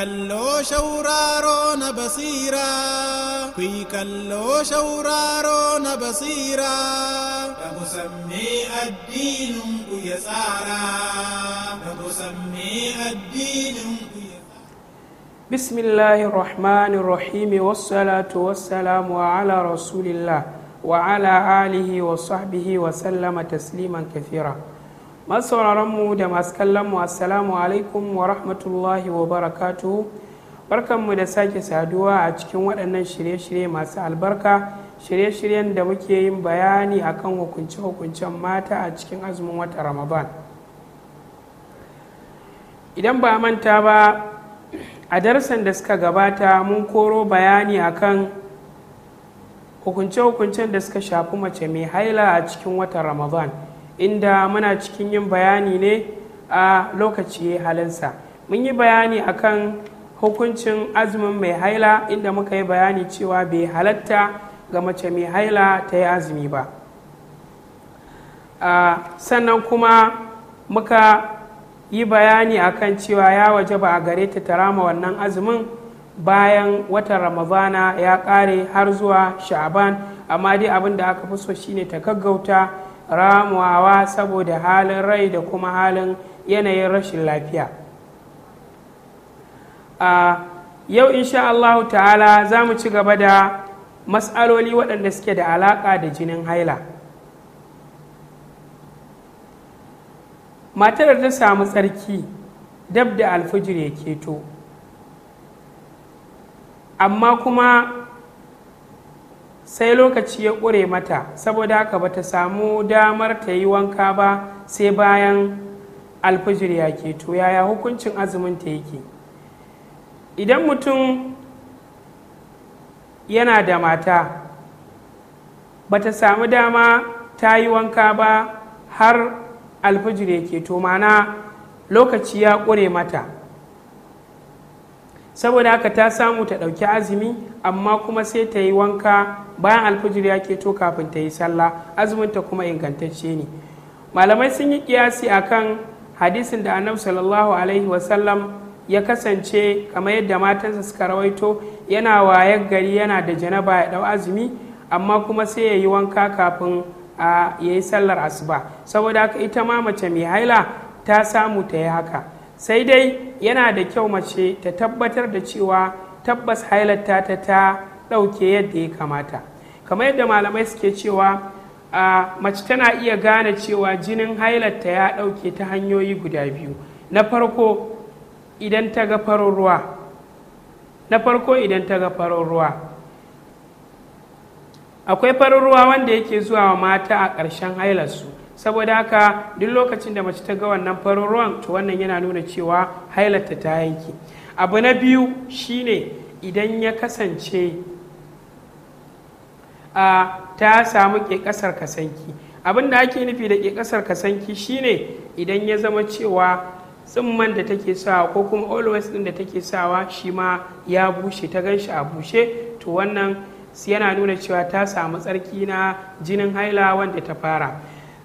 kalloo shawraaroo na basiiraa kuyi kalloo shawraaroo na basiiraa dhabusammee addiinuun guyya saaraa dhabusammee addiinuun بسم الله الرحمن الرحيم والصلاة والسلام على رسول الله وعلى آله وصحبه وسلم تسليما كثيرا masauraranmu da masu kallonmu assalamu alaikum wa rahmatullahi wa barakatuhu barkanmu da sake saduwa a cikin waɗannan shirye-shirye masu albarka shirye-shiryen da muke yin bayani akan hukunce-hukuncen mata a cikin azumin wata ramadan idan ba manta ba a darasan da suka gabata mun koro bayani akan hukunce-hukuncen da suka shafi mace mai haila a cikin watan ramadan inda muna cikin yin bayani ne a lokaci halinsa mun yi bayani akan hukuncin azumin mai haila inda muka yi bayani cewa bai halatta ga mace mai haila ta yi azumi ba sannan kuma muka yi bayani akan cewa ya waje ba a gare ta tarama wannan azumin bayan watan ramazana ya kare har zuwa sha'aban amma dai abin da aka fi so shine ta gaggauta ramuwa saboda halin rai da kuma halin yanayin rashin lafiya a yau insha Allah ta'ala za mu ci gaba da matsaloli waɗanda suke da alaƙa da jinin haila matar da ta samu tsarki dab da alfijir ya keto amma kuma sai lokaci ya ƙure mata saboda haka ba ta samu damar ta yi wanka ba sai bayan alfajir ya keto yaya hukuncin azumin ta yake idan mutum yana da mata ba ta samu dama ta yi wanka ba har alfajir ya keto mana lokaci ya ƙure mata saboda haka ta samu ta ɗauki azumi amma kuma sai ta yi wanka bayan alfijir ya keto kafin ta yi sallah azuminta kuma ingantacce ne malamai sun yi kiyasi akan hadisin da annabi sallallahu alaihi wasallam ya kasance kamar yadda matansa suka rawaito yana wayar gari yana da janaba ya ɗau azumi amma kuma sai ya yi wanka kafin a ya yi sallar asuba saboda haka ita ma mace mai haila ta samu ta yi haka sai dai yana da kyau mace ta tabbatar da cewa tabbas hailarta ta ta ɗauke yadda ya kamata kamar yadda malamai suke cewa a mace tana iya gane cewa jinin hailarta ya ɗauke ta hanyoyi guda biyu na farko idan ta ga farin ruwa na farko idan ta ga farin ruwa akwai farin ruwa wanda yake zuwa wa mata a ƙarshen hailarsu saboda haka duk lokacin da mace ta ga wannan farin ruwan to wannan yana nuna cewa hailata ta yanki abu na biyu shine idan ya kasance a ta samu ƙeƙasar kasanki abin da ake nufi da ƙeƙasar kasanki shine idan ya zama cewa tsimman da take sawa ko kuma always din da take sawa shi ma ya bushe ta gan shi a bushe to wannan yana nuna cewa ta samu tsarki na jinin haila wanda ta fara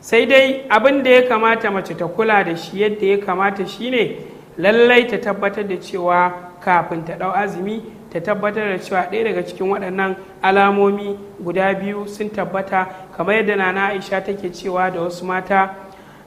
sai dai abin da ya kamata mace ta kula da shi yadda ya kamata shine lallai ta tabbatar da cewa kafin ta ɗau azumi ta tabbatar da cewa ɗaya daga cikin waɗannan alamomi guda biyu sun tabbata kamar yadda nana aisha take cewa da wasu mata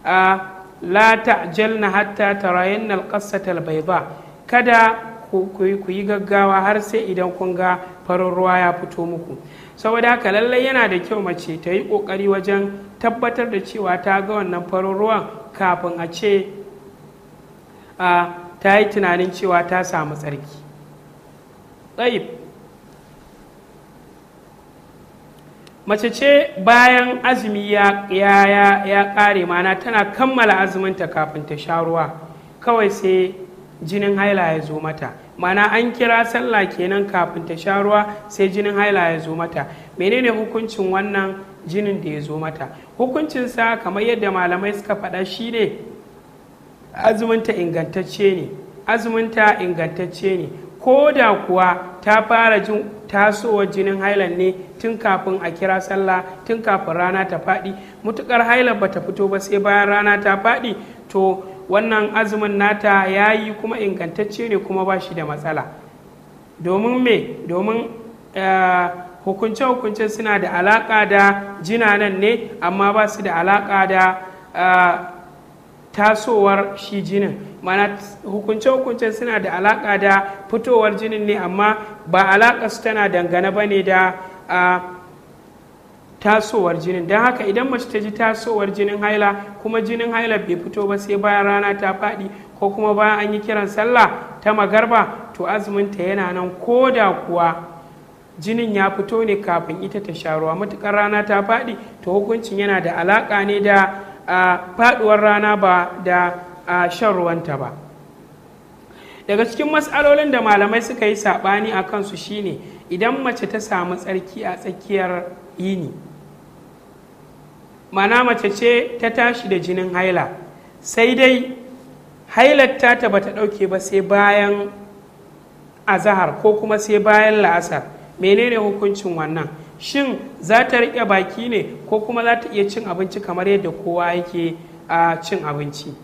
a la ta'jalna hatta tarayanna bai ba kada ku yi gaggawa har sai idan kun ga farin ruwa ya fito muku saboda haka lallai yana da kyau mace ta yi ƙoƙari wajen tabbatar da cewa ta ga wannan farin ruwan kafin a ce a ta yi tunanin cewa ta samu tsarki tsayib mace ce bayan azumi ya ya kare mana tana kammala azuminta kafin ta sha ruwa kawai sai jinin haila ya zo mata mana an kira sallah kenan kafin ta sha ruwa sai jinin haila ya zo mata menene hukuncin wannan jinin da ya zo mata hukuncinsa kamar yadda malamai suka faɗa shi ne azuminta ingantacce ne azuminta ingantacce ne ko da kuwa ta fara jin tasowar jinin hailan ne tun kafin a kira sallah tun kafin rana ta faɗi mutukar hailan ba ta fito ba sai bayan rana ta faɗi to wannan azumin nata ya yi kuma ingantacce ne kuma ba shi da matsala domin me domin uh, hukunce-hukunce suna da alaƙa da jinanan ne amma ba su da alaƙa da tasowar shi jinin mana hukunce-hukunce suna da alaƙa da fitowar jinin ne amma ba alaƙa su tana dangane ba ne da tasowar jinin don haka idan mace ta ji tasowar jinin haila kuma jinin haila bai fito ba sai bayan rana ta faɗi ko kuma bayan an yi kiran sallah ta magarba to azuminta yana nan ko da kuwa jinin ya fito ne kafin ita ta sha ruwa matukar rana ta faɗi to hukuncin yana da alaƙa ne da faɗuwar rana ba da shan ruwanta ba daga cikin matsalolin da malamai suka yi saɓani a kansu shine idan mace ta samu tsarki a tsakiyar yini mana mace ce ta tashi da jinin haila sai dai hailar ta bata ɗauke ba sai bayan azahar ko kuma sai bayan la'asar menene hukuncin wannan shin za ta riƙe baki ne ko kuma za ta iya cin abinci kamar yadda kowa yake a cin abinci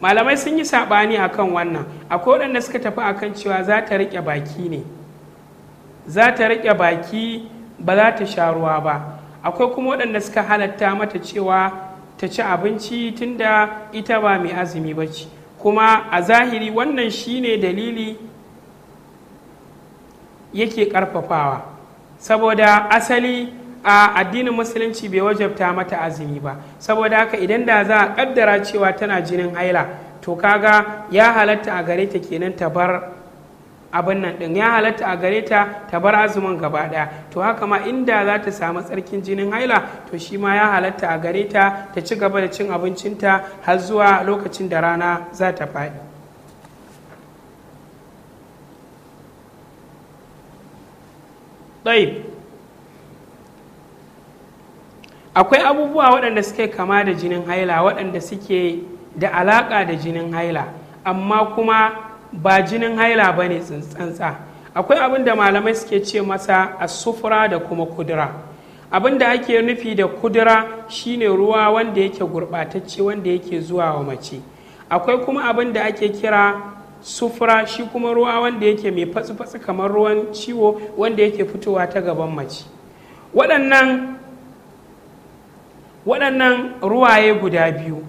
malamai sun yi saɓani a kan wannan akwai waɗanda suka tafi a kan cewa za ta riƙe baki ne za ta riƙe baki ba za ta sha ruwa ba akwai kuma waɗanda suka halatta mata cewa ta ci abinci tunda ita ba mai azumi ba ce kuma a zahiri wannan shine dalili yake ƙarfafawa saboda asali a addinin musulunci bai wajabta mata azumi ba saboda haka idan da za a ƙaddara cewa tana jinin haila to kaga ya halatta a gare ta kenan ta bar abin nan ɗin ya halatta a gare ta ta bar azumin gaba ɗaya to haka ma inda za ta samu tsarkin jinin haila to shi ma ya halatta a gare ta ta ci gaba da cin abincinta har zuwa lokacin da rana za ta faɗi ɗai akwai abubuwa waɗanda suke kama da jinin haila waɗanda suke da alaƙa da jinin haila amma kuma ba jinin haila ba ne tsantsa akwai abin da malamai suke ce masa a sufura da kuma kudura abin da ake nufi da kudura shine ruwa wanda yake gurɓatacce wanda yake zuwa wa mace akwai kuma abin da ake kira sufura shi kuma ruwa wanda yake mai fatsi-fatsi kamar ruwan ciwo wanda yake fitowa ta gaban mace waɗannan waɗannan ruwaye guda biyu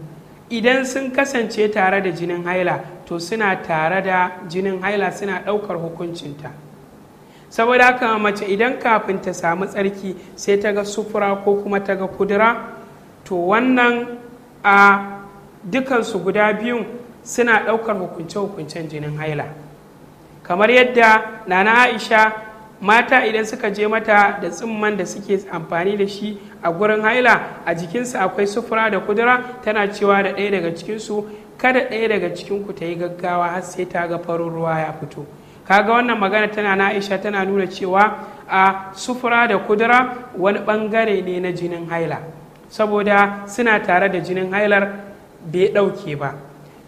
idan sun kasance tare da jinin haila to suna tare da jinin haila suna ɗaukar hukuncinta saboda haka mace idan kafin ta samu tsarki sai ta ga sufura ko kuma ta ga kudura to wannan a dukansu guda biyun suna ɗaukar hukunce-hukuncen jinin haila kamar yadda nana aisha mata idan suka je mata da tsimman da suke amfani da shi a gurin haila a jikinsu akwai sufura da kudura tana cewa da ɗaya daga cikinsu kada ɗaya daga cikinku ta yi gaggawa har sai ta ga farin ruwa ya fito kaga wannan magana tana na aisha tana nuna cewa a sufura da kudura wani ɓangare ne na jinin haila saboda suna tare da jinin hailar bai ɗauke ba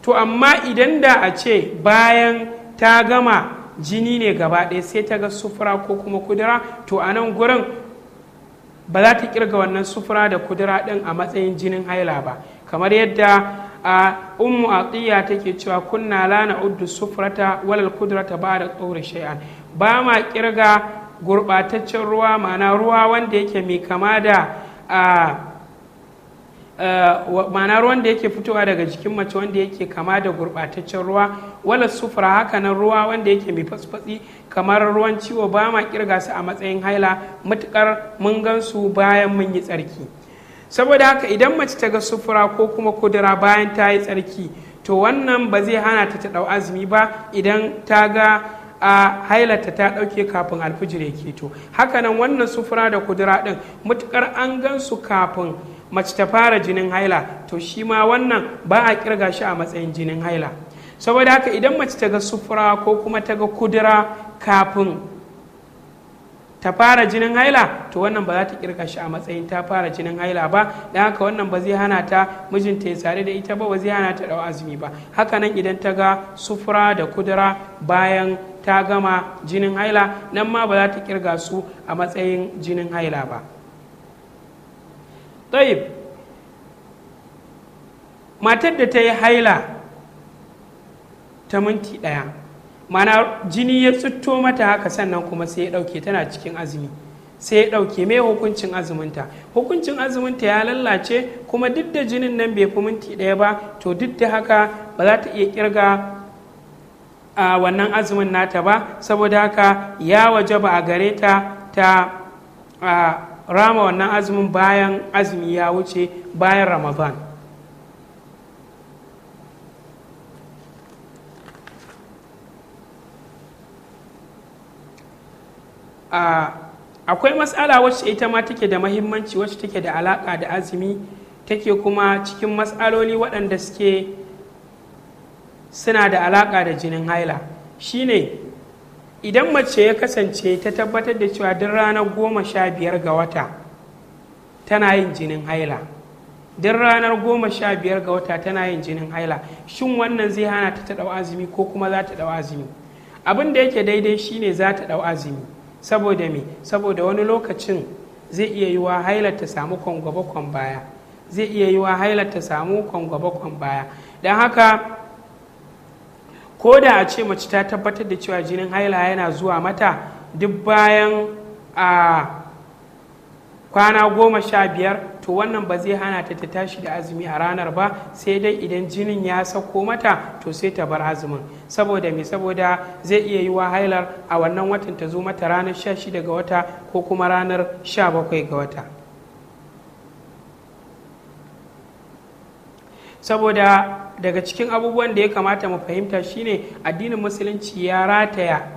to amma idan da a ce bayan ta gama jini ne gaba ɗaya sai ta ga sufura ko kuma kudura to a nan gurin ba za ta kirga wannan sufura da kudura ɗin a matsayin jinin haila ba kamar yadda a ummu atiya take cewa kunna lana uddu sufrata walal ta ba da tsoron shay'an ba ma kirga gurɓataccen ruwa ma'ana ruwa wanda yake mai kama da a Eh, ma'ana ruwan da yake fitowa daga jikin mace wanda yake kama da gurɓataccen ruwa wala sufura hakanan ruwa wanda yake mai fasfatsi kamar ruwan ciwo ba ma kirga su a matsayin haila matukar mun gan su bayan mun yi tsarki saboda haka idan mace ta ga sufura ko kuma kudura bayan ta yi tsarki to wannan ba zai hana ta ta ɗau azumi ba idan ta ga a hailata ta ɗauke kafin alfijir ya keto hakanan wannan sufura da kudura ɗin matukar an gan su kafin mace ta fara jinin haila to shi ma wannan ba a kirga shi a matsayin jinin haila saboda haka idan mace ta ga sufura ko kuma ta ga kudura kafin ta fara jinin haila to wannan ba za ta kirga shi a matsayin ta fara jinin haila ba da haka wannan ba zai hana ta mijinta ya sare da ita ba ba zai hana ta dau azumi ba haka nan idan ta ga sufura da kudura bayan ta gama jinin haila nan ma ba za ta kirga su a matsayin jinin haila ba tsayib matar da ta yi haila ta minti ɗaya mana jini ya tsitto mata haka sannan kuma sai ya ɗauke tana cikin azumi sai ya ɗauke mai hukuncin azuminta hukuncin azuminta ya lallace kuma duk da jinin nan bai fi minti ɗaya ba to duk da haka ba za ta iya kirga a wannan azumin nata ba saboda haka ya waje ba a gare ta ta rama wannan azumin bayan azumi ya wuce bayan ramadan akwai matsala wacce ita ma take da mahimmanci wacce take da alaƙa da azumi take kuma cikin matsaloli waɗanda suke suna da alaƙa da jinin haila shine idan mace ya kasance ta tabbatar da cewa duk ranar goma sha biyar ga wata tana yin jinin haila duk ranar goma sha biyar ga wata tana yin jinin haila shin wannan zai hana ta ta azumi ko kuma za ta ɗau azumi abin da yake daidai shine za ta ɗau azumi saboda me saboda wani lokacin zai iya yiwa hailar ta samu kwangwabakwan baya zai iya yiwa hailar ta samu kwangwabakwan baya don haka ko da a ce mace ta tabbatar da cewa jinin haila yana zuwa mata duk bayan a kwana goma sha biyar to wannan ba zai hana ta ta tashi da azumi a ranar ba sai dai idan jinin ya sauko mata to sai ta bar azumin saboda me saboda zai iya yi wa hailar a wannan watan ta zo mata ranar 16 ga wata ko kuma ranar 17 ga wata saboda daga cikin abubuwan da ya kamata mu fahimta shine addinin musulunci ya rataya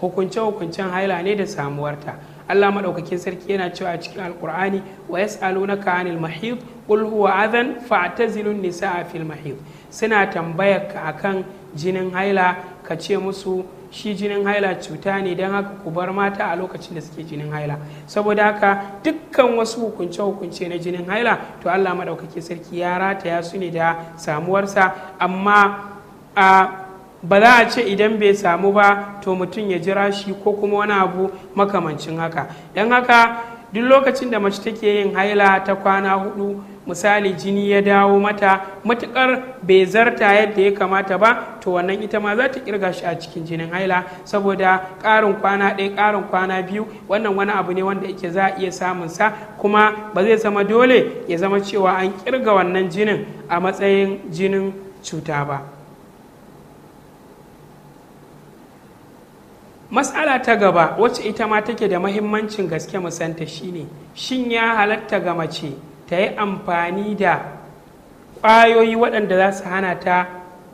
hukunce-hukuncen haila ne da samuwarta Allah maɗaukakin sarki yana cewa a cikin alkur'ani wa yas'alunaka anil mahid qul huwa adhan fa'tazilun nisaa fil mahid suna tambayar ka akan jinin haila ka ce musu shi jinin haila cuta ne don haka ku bar mata a lokacin da suke jinin haila saboda haka dukkan wasu hukunce hukunce na jinin haila to allah maɗaukaki sarki ya rataya su ne da samuwarsa amma a ba za a ce idan bai samu ba to mutum ya jira shi ko kuma wani abu makamancin haka don haka duk lokacin da mace take yin haila ta kwana hudu misali jini ya dawo mata matukar bai zarta yadda ya kamata ba to wannan ita ma za ta kirga shi a cikin jinin haila saboda ƙarin kwana ɗaya ƙarin kwana biyu wannan wani abu ne wanda yake za a iya samun sa kuma ba zai zama dole ya zama cewa an kirga wannan jinin a matsayin jinin cuta ba matsala ta gaba wacce ita ma take da mahimmancin gaske musanta shine shin ya halatta ga mace ta yi amfani da ƙwayoyi waɗanda za su hana ta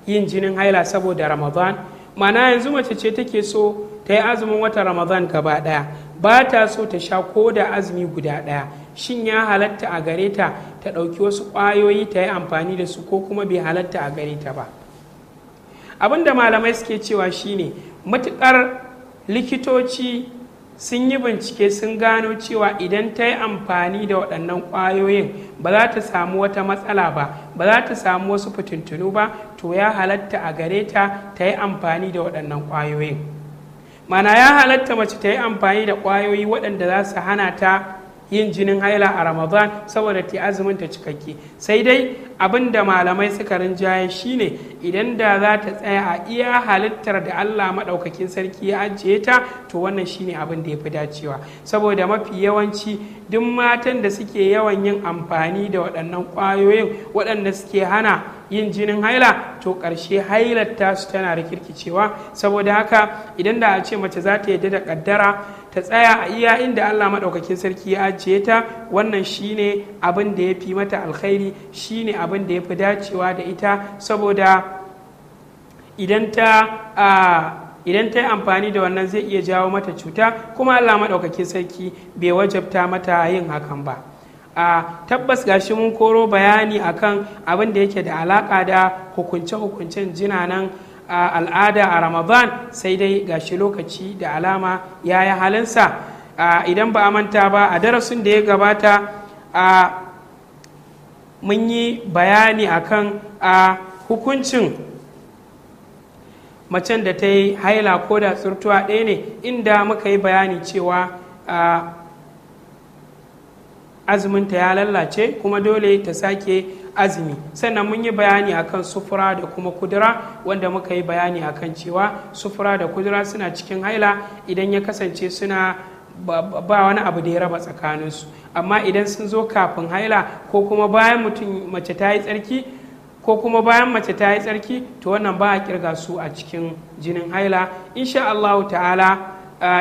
yin jinin haila saboda ramadan mana yanzu mace ce take so ta yi azumin wata ramadan gaba ɗaya ba ta so ta sha ko da azumi guda ɗaya shin ya halatta a gare ta ta ɗauki wasu ƙwayoyi ta yi amfani da su ko kuma bai halatta a gare ta ba abinda malamai suke cewa shine matuƙar likitoci sun yi bincike sun gano cewa idan ta yi amfani da waɗannan ƙwayoyin ba za ta samu wata matsala ba ba za ta samu wasu fitintunu ba to ya halatta a gare ta ta yi amfani da waɗannan ƙwayoyin mana ya halatta mace ta yi amfani da ƙwayoyi waɗanda za su hana ta yin jinin haila a ramadan saboda ta azumin ta cikakke sai dai abin da malamai suka rinjaye shine idan da za ta tsaya a iya halittar da allah maɗaukakin sarki ya ajiye ta to wannan shine abin da ya fi dacewa saboda mafi yawanci duk matan da suke yawan yin amfani da waɗannan ƙwayoyin waɗanda suke hana yin jinin haila to ƙarshe hailar su tana da rikirkicewa saboda haka idan da a ce mace za ta yadda da ƙaddara ta tsaya a iya inda allah maɗaukakin sarki ya ajiye ta wannan shine abin da ya fi mata alkhairi shine abin da ya fi dacewa da ita saboda idan ta idan ta yi amfani da wannan zai iya jawo mata cuta kuma allah maɗaukakin sarki bai wajabta mata yin hakan ba a tabbas gashi mun koro bayani akan abin da yake da alaka da hukunce-hukuncen jina a al'ada a ramadan sai dai gashi lokaci da alama ya yi halinsa idan ba a manta ba a darasin da ya gabata a mun yi bayani akan a hukuncin macen da ta yi haila ko da tsurtuwa ɗaya ne inda muka yi bayani cewa azuminta ya lallace kuma dole ta sake azumi sannan mun yi bayani akan sufura da kuma kudura wanda muka yi bayani akan cewa sufura da kudura suna cikin haila idan ya kasance suna ba, wani abu da ya raba tsakaninsu amma idan sun zo kafin haila ko kuma bayan mutum mace ta yi tsarki ko kuma bayan mace ta yi tsarki to wannan ba a kirga su a cikin jinin haila insha Allah ta'ala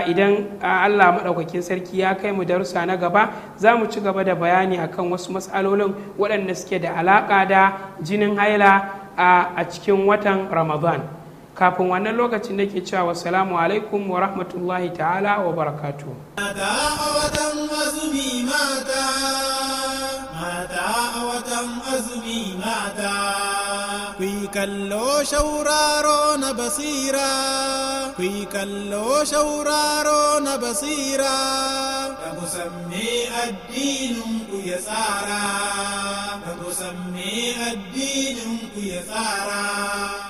idan Allah maɗaukakin sarki ya kai mu darussa na gaba za mu ci gaba da bayani akan wasu matsalolin waɗanda suke da alaƙa da jinin haila a cikin watan ramadan kafin wannan lokacin da ke cewa wasalamu alaikum wa rahmatullahi ta'ala wa barakatu mata a watan azumi mata kalloo shawraaroo na basiiraa kuyi kalloo shawraaroo na basiiraa kamusammee addiinum kuya tsaaraa kamusammee addiinum kuya tsaaraa